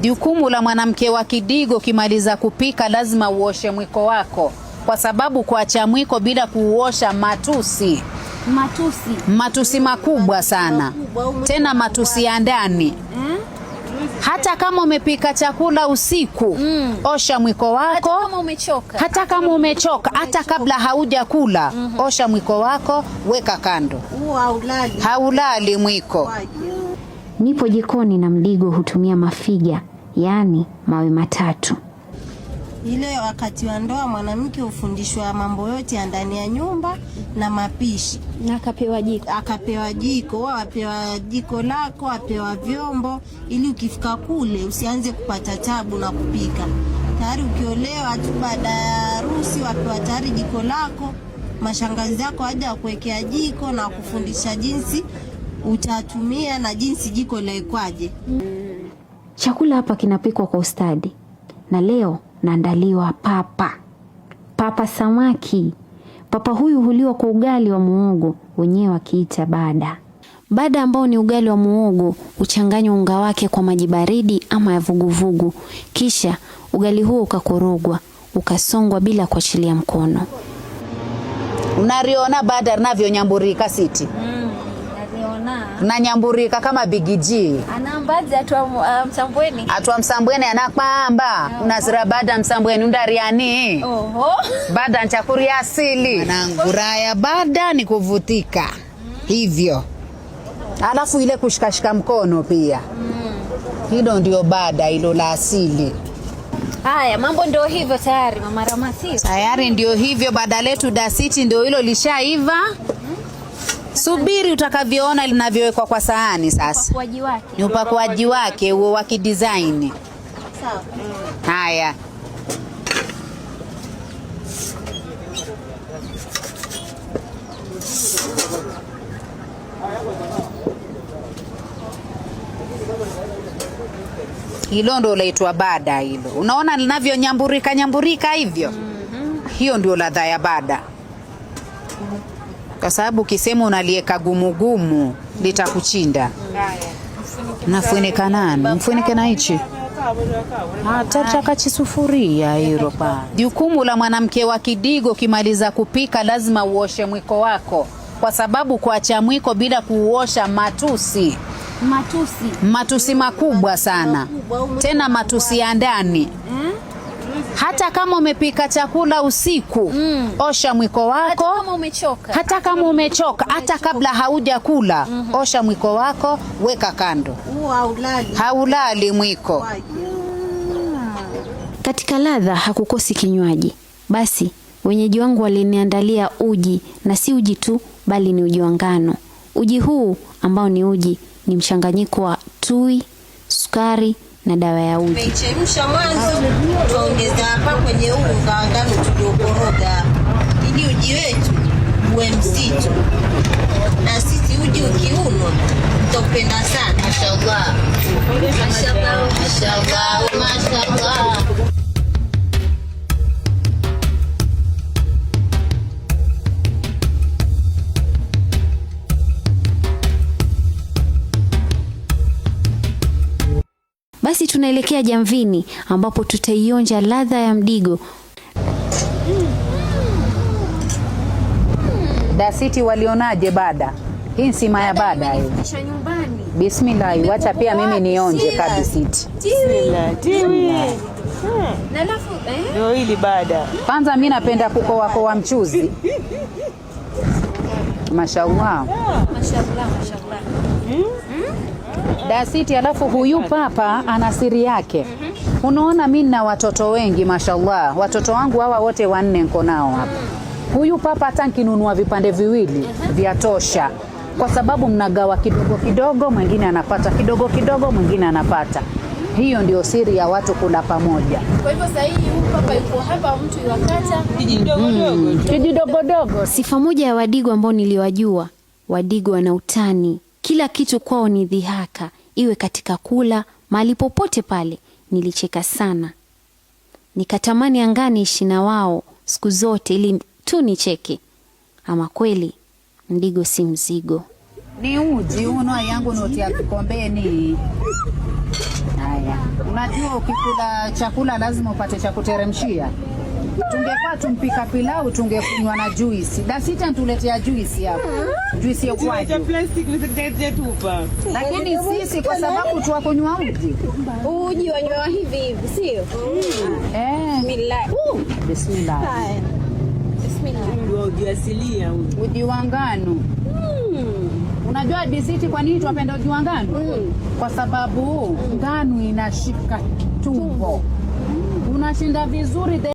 Jukumu la mwanamke wa Kidigo, ukimaliza kupika lazima uoshe mwiko wako, kwa sababu kuacha mwiko bila kuuosha matusi matusi, matusi makubwa sana matusi, tena matusi ya ndani eh? Hata kama umepika chakula usiku mm. Osha mwiko wako hata kama umechoka, hata, kama umechoka, hata kabla hauja kula mm -hmm. Osha mwiko wako, weka kando. Haulali mwiko. Nipo jikoni na Mdigo hutumia mafiga yaani mawe matatu. Ile wakati wa ndoa mwanamke hufundishwa mambo yote ya ndani ya nyumba na mapishi, na akapewa jiko, akapewa jiko, apewa jiko lako, apewa vyombo, ili ukifika kule usianze kupata tabu na kupika. Tayari ukiolewa tu baada ya harusi, wapewa tayari jiko lako, mashangazi yako waja wakuwekea jiko na kufundisha jinsi utatumia na jinsi jiko liwekwaje. mm. Chakula hapa kinapikwa kwa ustadi, na leo naandaliwa papa. Papa samaki. Papa huyu huliwa kwa ugali wa muogo, wenyewe wakiita bada. Bada ambao ni ugali wa muogo, huchanganywa unga wake kwa maji baridi ama ya vuguvugu, kisha ugali huo ukakorogwa, ukasongwa bila kuachilia mkono. Unariona bada linavyonyamburika siti mm nanyamburika kama bigiji atwa uh, msambweni anakwamba oh. unazira bada msambweni undariani Oho. bada nchakuri asili nangu raya bada ni kuvutika mm. hivyo alafu ile kushikashika mkono pia mm. hilo ndio bada hilo la asili Haya, mambo ndio hivyo tayari, mama Ramasi. Tayari ndio hivyo, bada letu dasiti ndio hilo lishaiva. Subiri utakavyoona linavyowekwa kwa sahani. Sasa ni upakuaji wake huo wa kidizaini. Haya, hilo ndo laitwa bada. Hilo unaona linavyonyamburika nyamburika hivyo, mhm. hiyo ndio ladha ya bada kwa sababu ukisema unalieka gumugumu litakuchinda. nafunika nani? mfunike na hichi hatatakachisufuria hilo pa. Jukumu la mwanamke wa Kidigo, ukimaliza kupika lazima uoshe mwiko wako, kwa sababu kuacha mwiko bila kuuosha matusi matusi, matusi makubwa sana, tena matusi ya ndani eh? hata kama umepika chakula usiku mm. osha mwiko wako, hata kama umechoka, hata, kama umechoka, hata kabla hauja kula mm -hmm. osha mwiko wako, weka kando. Haulali, haulali mwiko Katika ladha hakukosi kinywaji. Basi wenyeji wangu waliniandalia uji, na si uji tu, bali ni uji wa ngano. Uji huu ambao ni uji ni mchanganyiko wa tui, sukari na dawa ya uji. Tumechemsha mwanzo, tuongeza hapa kwenye unga wa ngano tuliokoroga, ili uji wetu uwe mzito, na sisi uji ukiunwa tutapenda sana. Mashallah, mashallah, mashallah. Basi tunaelekea Jamvini ambapo tutaionja ladha ya mdigo. Dasiti walionaje bada hii nsima ya bada hii. Bismillah, wacha pia mimi nionje kabisiti. Hmm. Eh? Kwanza mimi napenda kukoa koa mchuzi. Mashallah. Mashallah, mashallah dasiti, alafu huyu papa ana siri yake. Unaona, mimi na watoto wengi mashallah, watoto wangu hawa wote wanne niko nao hapa. Huyu papa hata nkinunua vipande viwili vya tosha, kwa sababu mnagawa kidogo kidogo, mwingine anapata kidogo kidogo, mwingine anapata hiyo ndio siri ya watu kula pamoja. Kwa hivyo sasa hivi papa yuko hapa, mtu yuwakata jiji dogo dogo. Sifa moja ya Wadigo ambao niliwajua, Wadigo wana utani, kila kitu kwao ni dhihaka iwe katika kula, mali popote pale. Nilicheka sana, nikatamani angani ishi na wao siku zote ili tu nicheke. Ama kweli Mdigo si mzigo, ni uji unoa yangu notia kikombeni. Haya, unajua ukikula chakula lazima upate cha kuteremshia. Tungekuwa tumpika pilau tungekunywa na juisi. Dasita tuletea juisi hapo. Juisi ya kwaje? Lakini sisi kwa sababu tuwakunywa uji. Uji wanywa hivi hivi, sio? Mm. Eh. Bismillah. Uh. Bismillah. Bismillah. Uji wa ngano. Unajua Bisiti kwa nini twapenda uji wa ngano? Mm. Mm. Kwa sababu ngano inashika tumbo. Unashinda vizuri.